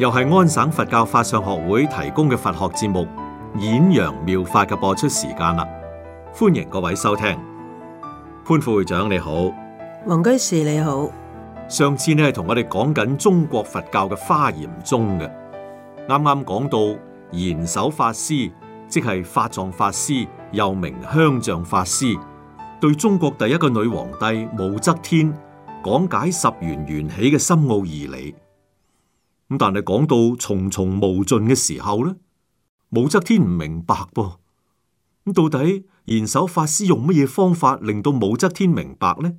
又係安省佛教法相學會提供嘅佛學節目《演揚妙法》嘅播出時間啦，歡迎各位收聽。潘副會長你好，黃居士你好。上次你咧同我哋講緊中國佛教嘅華嚴宗嘅，啱啱講到賢首法師，即係法藏法師，又名香象法師，對中國第一個女皇帝武則天講解十玄緣起嘅深奧義理。咁但係講到重重無盡嘅時候呢，武則天唔明白噃。咁到底賢首法師用乜嘢方法令到武則天明白呢？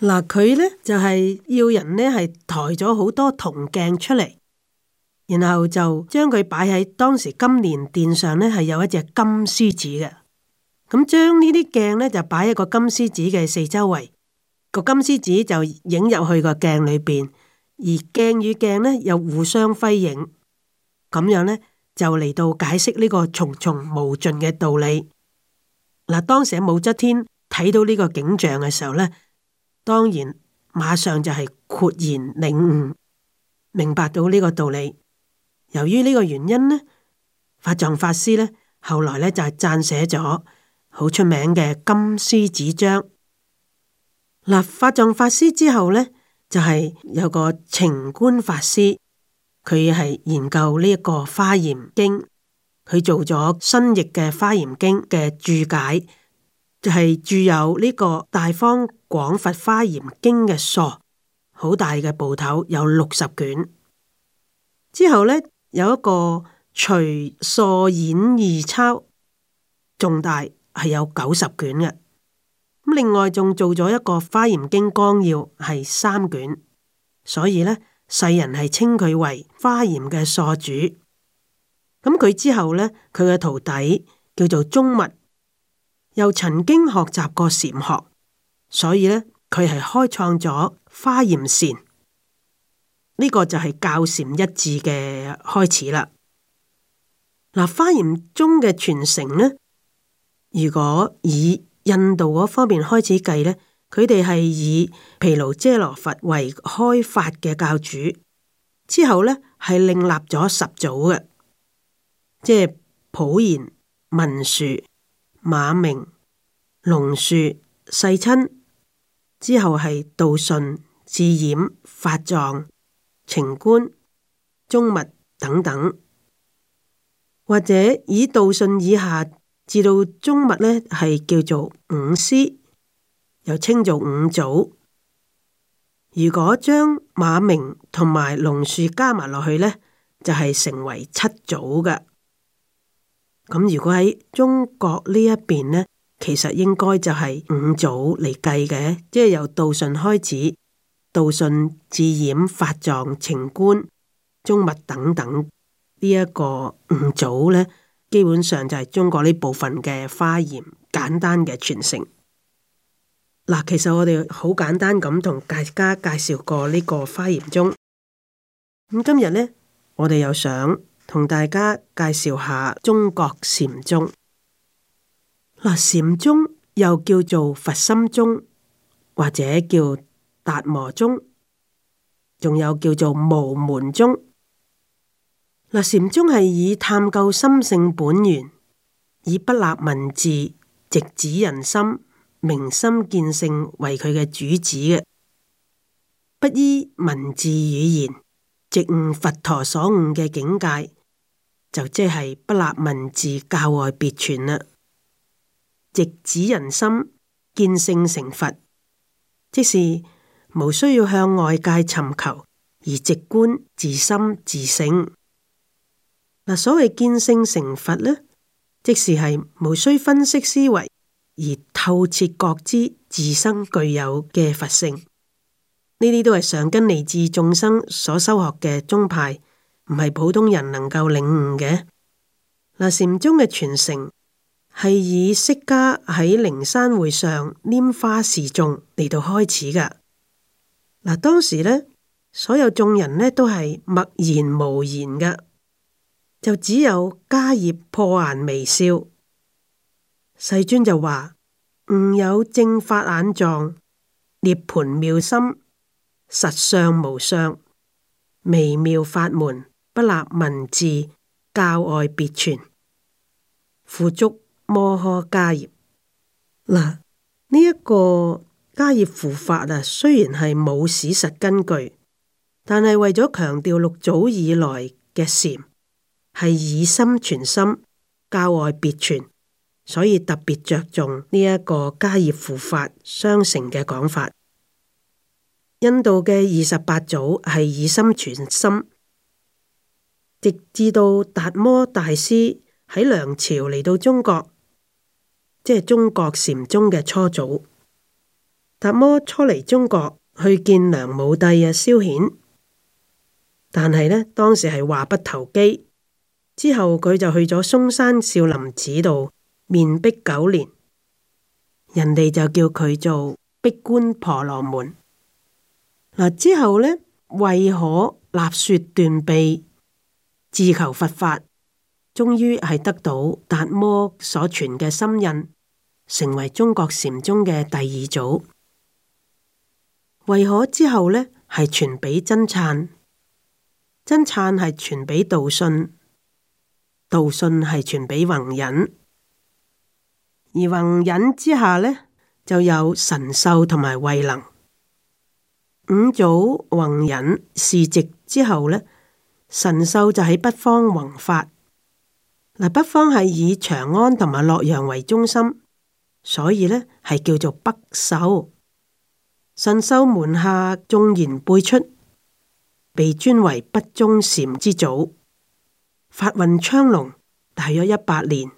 嗱，佢呢就係、是、要人呢係抬咗好多銅鏡出嚟，然後就將佢擺喺當時金鑾殿上呢係有一隻金獅子嘅。咁、嗯、將呢啲鏡呢，就擺喺個金獅子嘅四周圍，個金獅子就影入去個鏡裏邊。而鏡與鏡呢，又互相輝映，咁樣呢，就嚟到解釋呢個重重無盡嘅道理。嗱，當時武則天睇到呢個景象嘅時候呢，當然馬上就係豁然領悟，明白到呢個道理。由於呢個原因呢，法藏法師呢，後來呢就係撰寫咗好出名嘅《金獅子章》。嗱，法藏法師之後呢，就係有個澄觀法師，佢係研究呢一個《華嚴經》，佢做咗新譯嘅《華嚴經》嘅注解，就係、是、注有呢個《大方廣佛華嚴經》嘅疏，好大嘅部頭，有六十卷。之後咧有一個《隨疏演義鈔》，仲大係有九十卷嘅。咁另外仲做咗一個《花嚴經》綱要，係三卷，所以呢世人係稱佢為花嚴嘅疏主。咁佢之後呢，佢嘅徒弟叫做宗密，又曾經學習過禪學，所以呢，佢係開創咗花嚴禪呢個就係教禪一致嘅開始啦。嗱，花嚴宗嘅傳承呢，如果以印度嗰方面開始計呢，佢哋係以毗盧遮羅佛為開法嘅教主，之後呢，係另立咗十組嘅，即係普賢、文殊、馬明、龍樹、世親，之後係道信、智顗、法藏、澄觀、宗密等等，或者以道信以下。至到宗密咧，係叫做五師，又稱做五祖。如果將馬鳴同埋龍樹加埋落去咧，就係、是、成為七祖嘅。咁如果喺中國呢一邊咧，其實應該就係五祖嚟計嘅，即係由杜順開始，杜順、智儼、法藏、澄觀、宗密等等呢一、這個五祖咧。基本上就係中國呢部分嘅華嚴簡單嘅傳承。嗱，其實我哋好簡單咁同大家介紹過呢個華嚴宗。咁今日呢，我哋又想同大家介紹下中國禪宗。嗱，禪宗又叫做佛心宗，或者叫達摩宗，仲有叫做無門宗。嗱，禪宗係以探究心性本源，以不立文字、直指人心、明心見性為佢嘅主旨嘅，不依文字語言，直悟佛陀所悟嘅境界，就即係不立文字，教外別傳啦。直指人心，見性成佛，即是無需要向外界尋求，而直觀自心自性。嗱，所謂見性成佛呢，即是係無需分析思維而透徹覺知自身具有嘅佛性。呢啲都係上根利智眾生所修學嘅宗派，唔係普通人能夠領悟嘅。嗱，禪宗嘅傳承係以釋迦喺靈山會上拈花示眾嚟到開始噶。嗱，當時呢，所有眾人呢都係默然無言噶。就只有迦葉破顏微笑，世尊就話：吾有正法眼藏，涅盤妙心，實相無相，微妙法門，不立文字，教外別傳，付足摩訶迦葉。嗱，呢、這、一個迦葉付法啊，雖然係冇史實根據，但係為咗強調六祖以來嘅禪。係以心傳心，教外別傳，所以特別着重呢一個迦葉付法相承嘅講法。印度嘅二十八祖係以心傳心，直至到達摩大師喺梁朝嚟到中國，即係中國禪宗嘅初祖。達摩初嚟中國，去見梁武帝嘅蕭衍，但係呢當時係話不投機。之後佢就去咗嵩山少林寺度面壁九年，人哋就叫佢做壁觀婆羅門。嗱，之後呢，慧可立雪斷臂自求佛法，終於係得到達摩所傳嘅心印，成為中國禪宗嘅第二祖。慧可之後呢，係傳俾僧璨，僧璨係傳俾道信。道信係傳俾弘忍，而弘忍之下呢，就有神秀同埋慧能。五祖弘忍示寂之後呢，神秀就喺北方弘法。嗱，北方係以長安同埋洛陽為中心，所以呢，係叫做北秀。神秀門下眾賢輩出，被尊為北宗禪之祖。法運昌隆，大約一百年，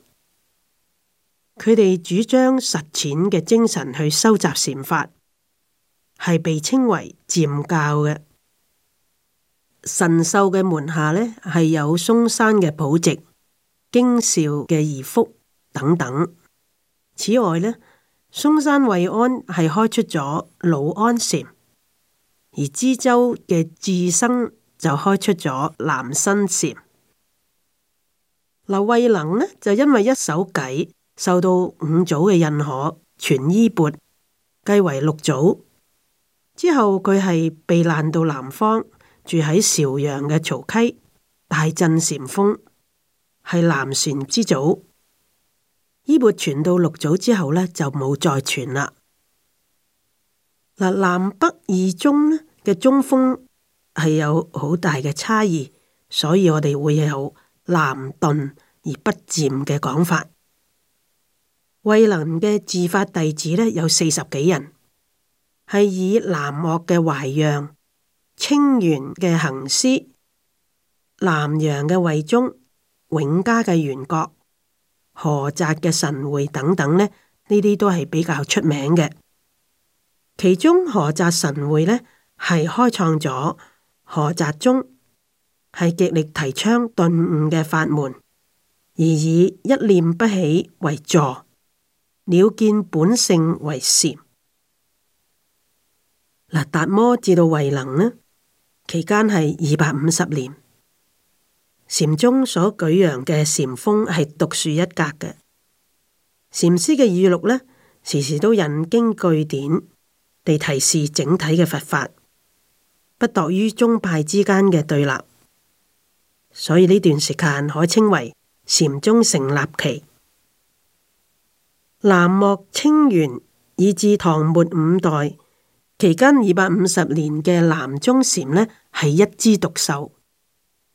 佢哋主張實踐嘅精神去收集禪法，係被稱為漸教嘅。神秀嘅門下呢，係有嵩山嘅普寂、京兆嘅義福等等。此外呢，嵩山惠安係開出咗老安禪，而支州嘅智生就開出咗南新禪。嗱，劉慧能呢就因為一手計，受到五祖嘅認可，傳衣缽，繼為六祖。之後佢係避難到南方，住喺邵陽嘅曹溪大鎮禪風，係南禪之祖。衣缽傳到六祖之後呢，就冇再傳啦。嗱，南北二宗呢嘅宗風係有好大嘅差異，所以我哋會有。南頓而不漸嘅講法，惠能嘅自法弟子咧有四十幾人，係以南岳嘅懷讓、清源嘅行思、南陽嘅惠忠、永嘉嘅元覺、河澤嘅神會等等咧，呢啲都係比較出名嘅。其中河澤神會呢，係開創咗河澤宗。係極力提倡頓悟嘅法門，而以一念不起為助，了見本性為禪。嗱，達摩至到慧能呢期間係二百五十年，禪宗所舉揚嘅禪風係獨樹一格嘅。禪師嘅語錄呢，時時都引經據典地提示整體嘅佛法，不墮於宗派之間嘅對立。所以呢段時間可稱為禪宗成立期。南末清源，以至唐末五代期間二百五十年嘅南宗禪呢，係一枝獨秀。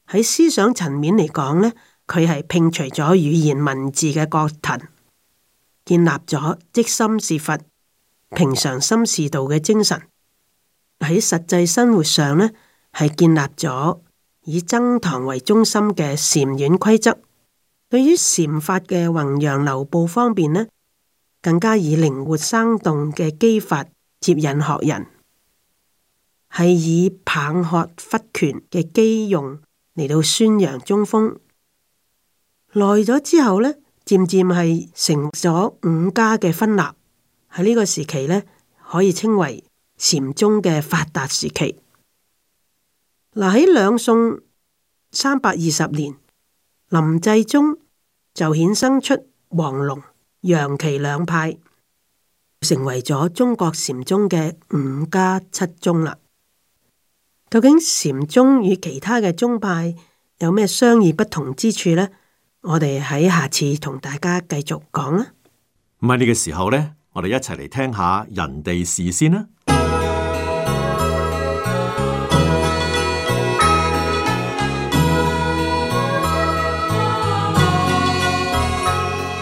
喺思想層面嚟講呢，佢係摒除咗語言文字嘅葛藤，建立咗即心是佛、平常心是道嘅精神。喺實際生活上呢，係建立咗。以僧堂為中心嘅禪院規則，對於禪法嘅弘揚流布方面，呢，更加以靈活生動嘅機法接引學人，係以棒喝、忽拳嘅機用嚟到宣揚宗風。來咗之後呢，漸漸係成咗五家嘅分立，喺呢個時期呢可以稱為禪宗嘅發達時期。嗱，喺兩宋三百二十年，臨濟宗就衍生出黃龍、楊岐兩派，成為咗中國禪宗嘅五家七宗啦。究竟禪宗與其他嘅宗派有咩相異不同之處呢？我哋喺下次同大家繼續講啊。咁喺呢個時候呢，我哋一齊嚟聽下人地事先啦。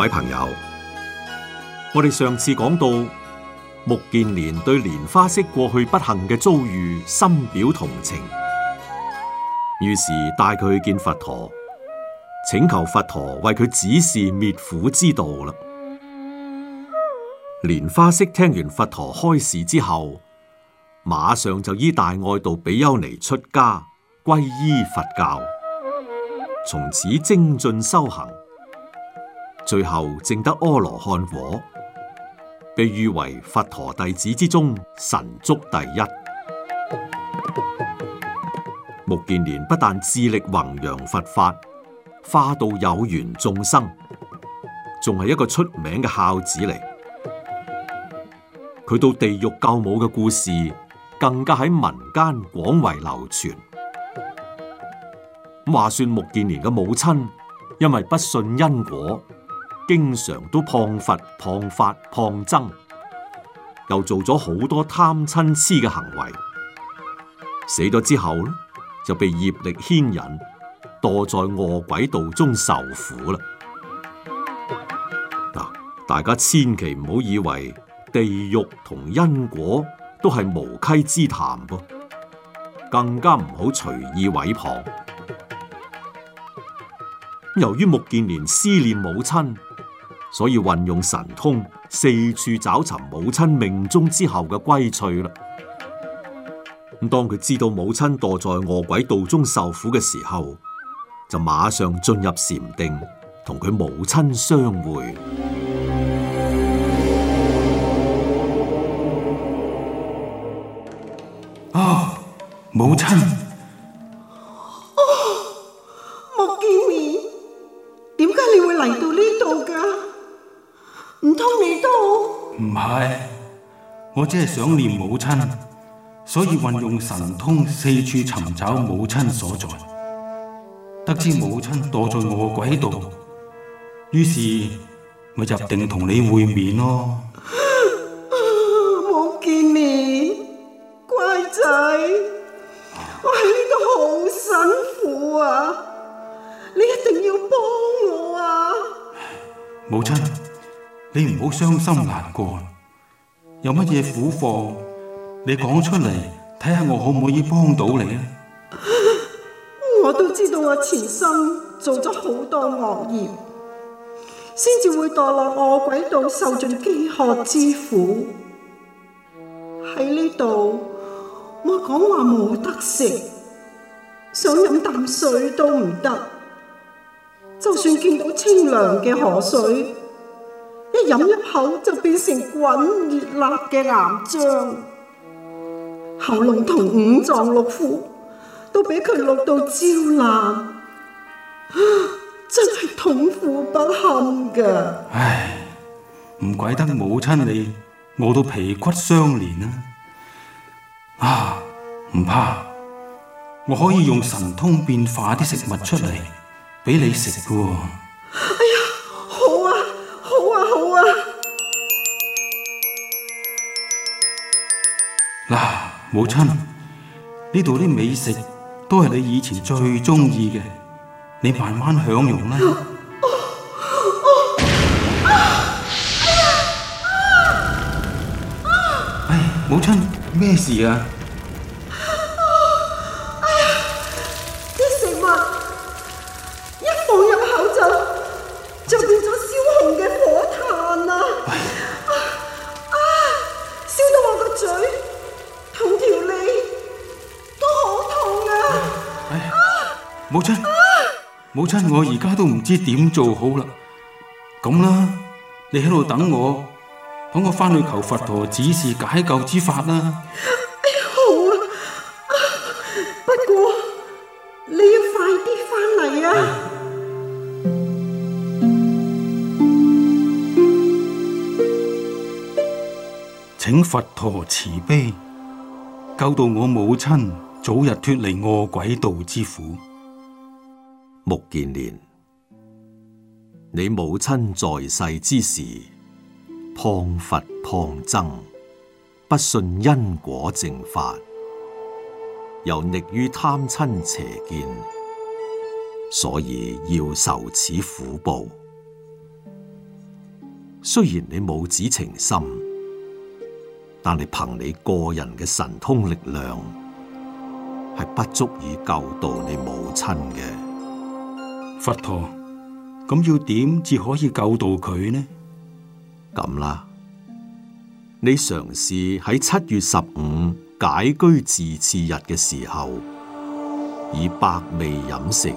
各位朋友，我哋上次講到，目犍連對蓮花式過去不幸嘅遭遇深表同情，於是帶佢去見佛陀，請求佛陀為佢指示滅苦之道啦。蓮花式聽完佛陀開示之後，馬上就依大愛道比丘尼出家，皈依佛教，從此精進修行。最後證得阿羅漢果，被譽為佛陀弟子之中神足第一。 目犍連不但致力弘揚佛法，化度有緣眾生，仲係一個出名嘅孝子嚟。佢到地獄救母嘅故事，更加喺民間廣為流傳。咁話說目犍連嘅母親，因為不信因果。經常都謗佛、謗法、謗僧，又做咗好多貪嗔癡嘅行為，死咗之後咧，就被業力牽引，墮在餓鬼道中受苦啦。嗱，大家千祈唔好以為地獄同因果都係無稽之談噃，更加唔好隨意毀謗。由於目犍連思念母親。所以運用神通四處找尋母親命終之後嘅歸處啦。咁當佢知道母親墮在餓鬼道中受苦嘅時候，就馬上進入禪定，同佢母親相會。啊，母親！母哎、我只係想念母親，所以運用神通四處尋找母親所在，得知母親躲在我鬼道，於是咪就定同你會面咯。冇 見面，乖仔，我喺呢度好辛苦啊！你一定要幫我啊！母親，你唔好傷心難過。有乜嘢苦貨，你講出嚟睇下，看看我可唔可以幫到你啊？我都知道，我前生做咗好多惡業，先至會墮落餓鬼道，受盡飢渴之苦。喺呢度，我講話冇得食，想飲啖水都唔得，就算見到清涼嘅河水，一飲一口就變成滾熱辣嘅岩漿，喉嚨同五臟六腑都俾佢淥到焦爛、啊，真係痛苦不堪噶！唉，唔怪得母親你餓到皮骨相連啦、啊！啊，唔怕，我可以用神通變化啲食物出嚟俾你食噶。嗱、啊，母親，呢度啲美食都係你以前最鍾意嘅，你慢慢享用啦。啊啊啊啊、哎，母親，咩事啊？母親，我而家都唔知點做好啦，咁啦，你喺度等我，等我翻去求佛陀指示解救之法啦。哎呀，好啊，啊，不過你要快啲翻嚟啊！請佛陀慈悲，救到我母親早日脫離餓鬼道之苦。目犍連，你母親在世之時，謗佛謗僧，不信因果正法，又溺於貪親邪見，所以要受此苦報。雖然你母子情深，但係憑你個人嘅神通力量，係不足以救度你母親嘅。佛陀，咁要點至可以救到佢呢？咁啦，你嘗試喺七月十五解居自恣日嘅時候，以百味飲食、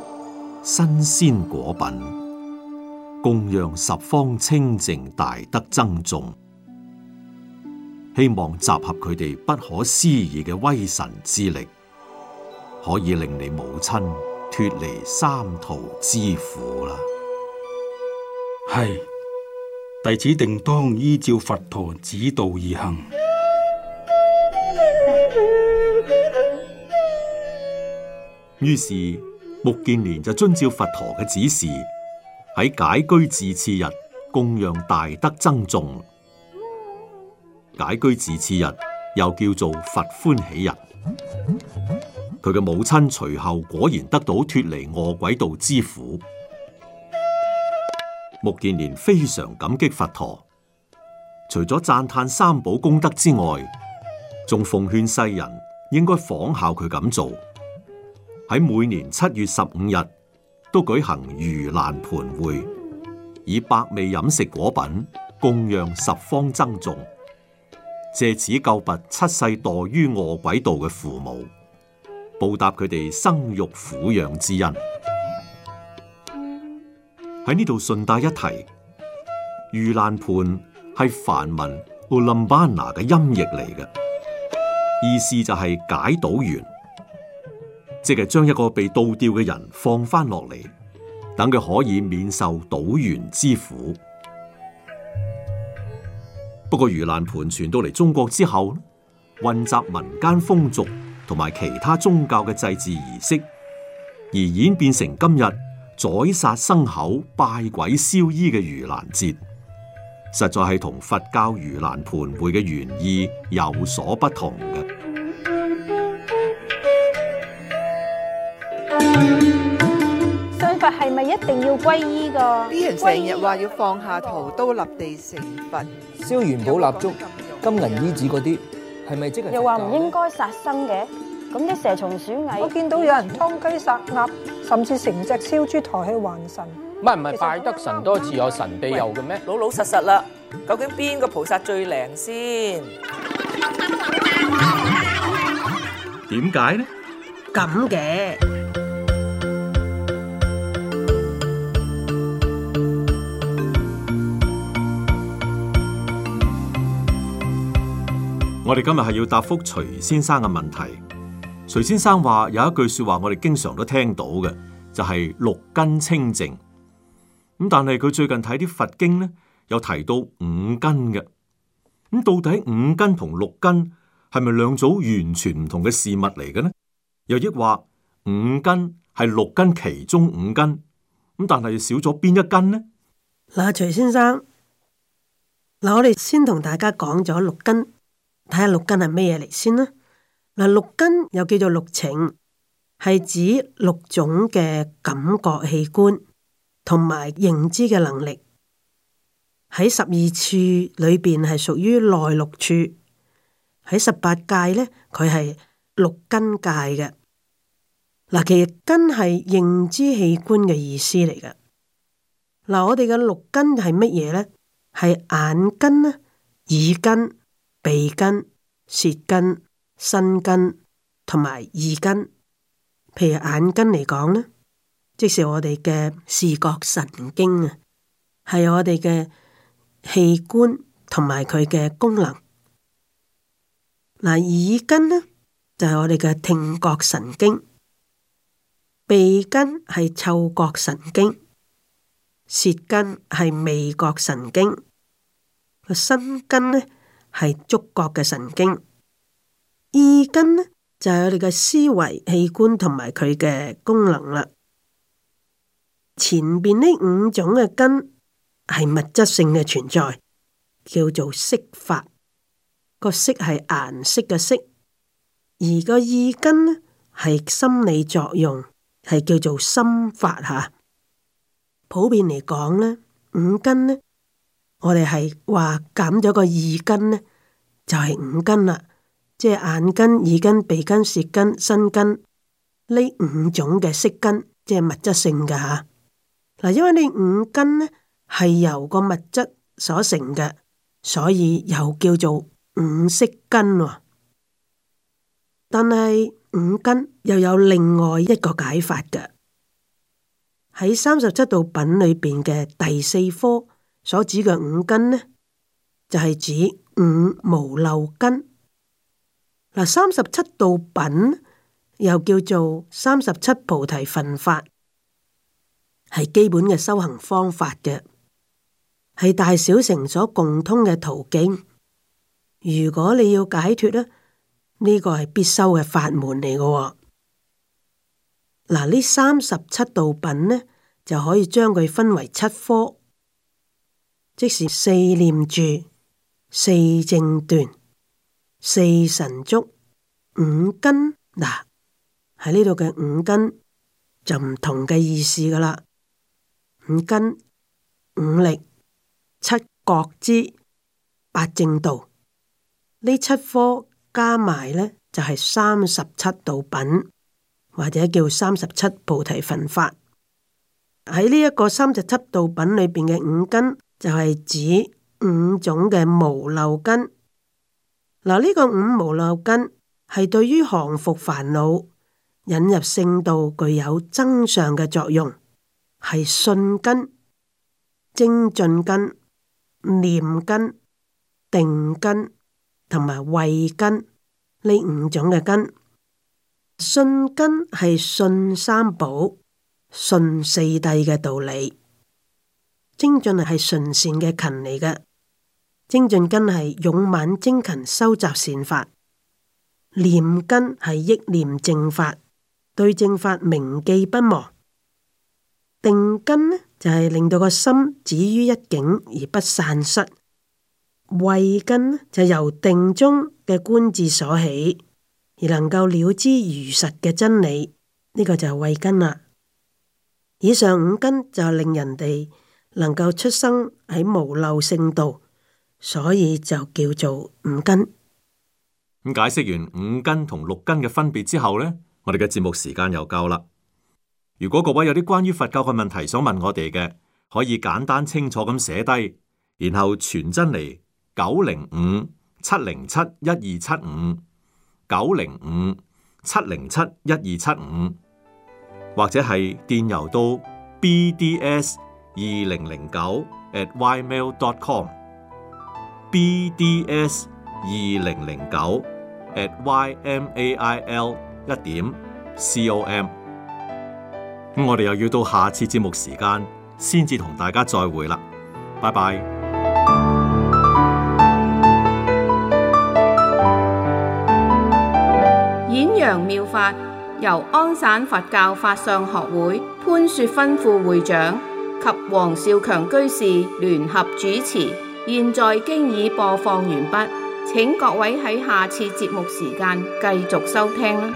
新鮮果品，供養十方清淨大德僧眾，希望集合佢哋不可思議嘅威神之力，可以令你母親。脫離三途之苦啦！係，弟子定當依照佛陀指導而行。 於是目犍連就遵照佛陀嘅指示，喺解居自恣日供養大德僧眾。解居自恣日又叫做佛歡喜日。佢嘅母親隨後果然得到脫離餓鬼道之苦。目犍連非常感激佛陀，除咗讚嘆三寶功德之外，仲奉勸世人應該仿效佢咁做，喺每年七月十五日都舉行盂蘭盆會，以百味飲食果品供養十方僧眾，借此救拔七世墮於餓鬼道嘅父母。報答佢哋生育撫養之恩。喺呢度順帶一提，盂蘭盆係梵文「烏林巴拿」嘅音譯嚟嘅，意思就係解倒懸，即係將一個被倒吊嘅人放翻落嚟，等佢可以免受倒懸之苦。不過盂蘭盆傳到嚟中國之後，混雜民間風俗。同埋其他宗教嘅祭祀儀式，而演變成今日宰殺牲口、拜鬼燒衣嘅盂蘭節，實在係同佛教盂蘭盆會嘅原意有所不同嘅。信佛係咪一定要皈依㗎？啲人成日話要放下屠刀立地成佛，燒元寶、蠟燭、金銀衣紙嗰啲。係咪即係又話唔應該殺生嘅，咁啲蛇蟲鼠蟻，我見到有人劏雞殺鴨，甚至成隻燒豬抬去還神。唔係唔係，拜得神多自有神庇佑嘅咩？老老實實啦，究竟邊個菩薩最靈先？點解呢？咁嘅。我哋今日係要答覆徐先生嘅問題。徐先生話有一句說話我哋經常都聽到嘅，就係六根清淨。咁但係佢最近睇啲佛經咧，又提到五根嘅。咁到底五根同六根係咪兩組完全唔同嘅事物嚟嘅呢？又亦話五根係六根其中五根，咁但係少咗邊一根呢？嗱，徐先生，嗱我哋先同大家講咗六根。睇下六根係咩嘢嚟先啦。嗱，六根又叫做六情，係指六種嘅感覺器官同埋認知嘅能力。喺十二處裏邊係屬於內六處。喺十八界咧，佢係六根界嘅。嗱，其實根係認知器官嘅意思嚟嘅。嗱，我哋嘅六根係乜嘢咧？係眼根啦，耳根。鼻根、舌根、身根同埋耳根，譬如眼根嚟講呢，即是我哋嘅視覺神經啊，係我哋嘅器官同埋佢嘅功能。嗱，耳根呢，就係、是、我哋嘅聽覺神經，鼻根係嗅覺神經，舌根係味覺神經，個身根呢，係觸覺嘅神經，意根呢就係、是、我哋嘅思維器官同埋佢嘅功能啦。前邊呢五種嘅根係物質性嘅存在，叫做色法。個色係顏色嘅色，而個意根呢係心理作用，係叫做心法吓。普遍嚟講呢，五根呢。我哋係話減咗個二根呢就係、是、五根啦，即係眼根、耳根、鼻根、舌根、身根呢五種嘅色根，即係物質性嘅吓。嗱，因為呢五根呢係由個物質所成嘅，所以又叫做五色根喎。但係五根又有另外一個解法嘅，喺三十七道品裏邊嘅第四科。所指嘅五根呢，就係、是、指五無漏根。嗱，三十七道品又叫做三十七菩提分法，係基本嘅修行方法嘅，係大小乘所共通嘅途徑。如果你要解脫呢，呢、這個係必修嘅法門嚟嘅。嗱，呢三十七道品呢，就可以將佢分為七科。即是四念住、四正斷、四神足、五根，嗱，喺呢度嘅五根就唔同嘅意思噶啦，五根、五力、七覺支、八正道呢七科加埋咧，就係三十七道品，或者叫三十七菩提分法。喺呢一個三十七道品裏邊嘅五根，就係指五種嘅無漏根。嗱，呢、這個五無漏根係對於降伏煩惱、引入聖道具有增上嘅作用，係信根、精進根、念根、定根同埋慧根呢五種嘅根。信根係信三寶、信四諦嘅道理。精進係純善嘅勤嚟嘅，精進根係勇猛精勤收集善法；念根係憶念正法，對正法銘記不忘。定根呢就係、是、令到個心止於一境而不散失；慧根呢就由定中嘅觀智所起，而能夠了知如實嘅真理，呢、這個就係慧根啦。以上五根就令人哋。能夠出生喺無漏聖道，所以就叫做五根。咁解釋完五根同六根嘅分別之後呢，我哋嘅節目時間又夠啦。如果各位有啲關於佛教嘅問題想問我哋嘅，可以簡單清楚咁寫低，然後傳真嚟，九零五七零七一二七五，九零五七零七一二七五，75, 75, 或者係電郵到 bds 二零零九 at ymail dot com b d s 二零零九 at y m a i l 一點 c o m，咁我哋又要到下次節目時間先至同大家再會啦，拜拜。演揚妙法由安省佛教法相學會潘雪芬副會長，及王少強居士聯合主持，現在經已播放完畢，請各位喺下次節目時間繼續收聽。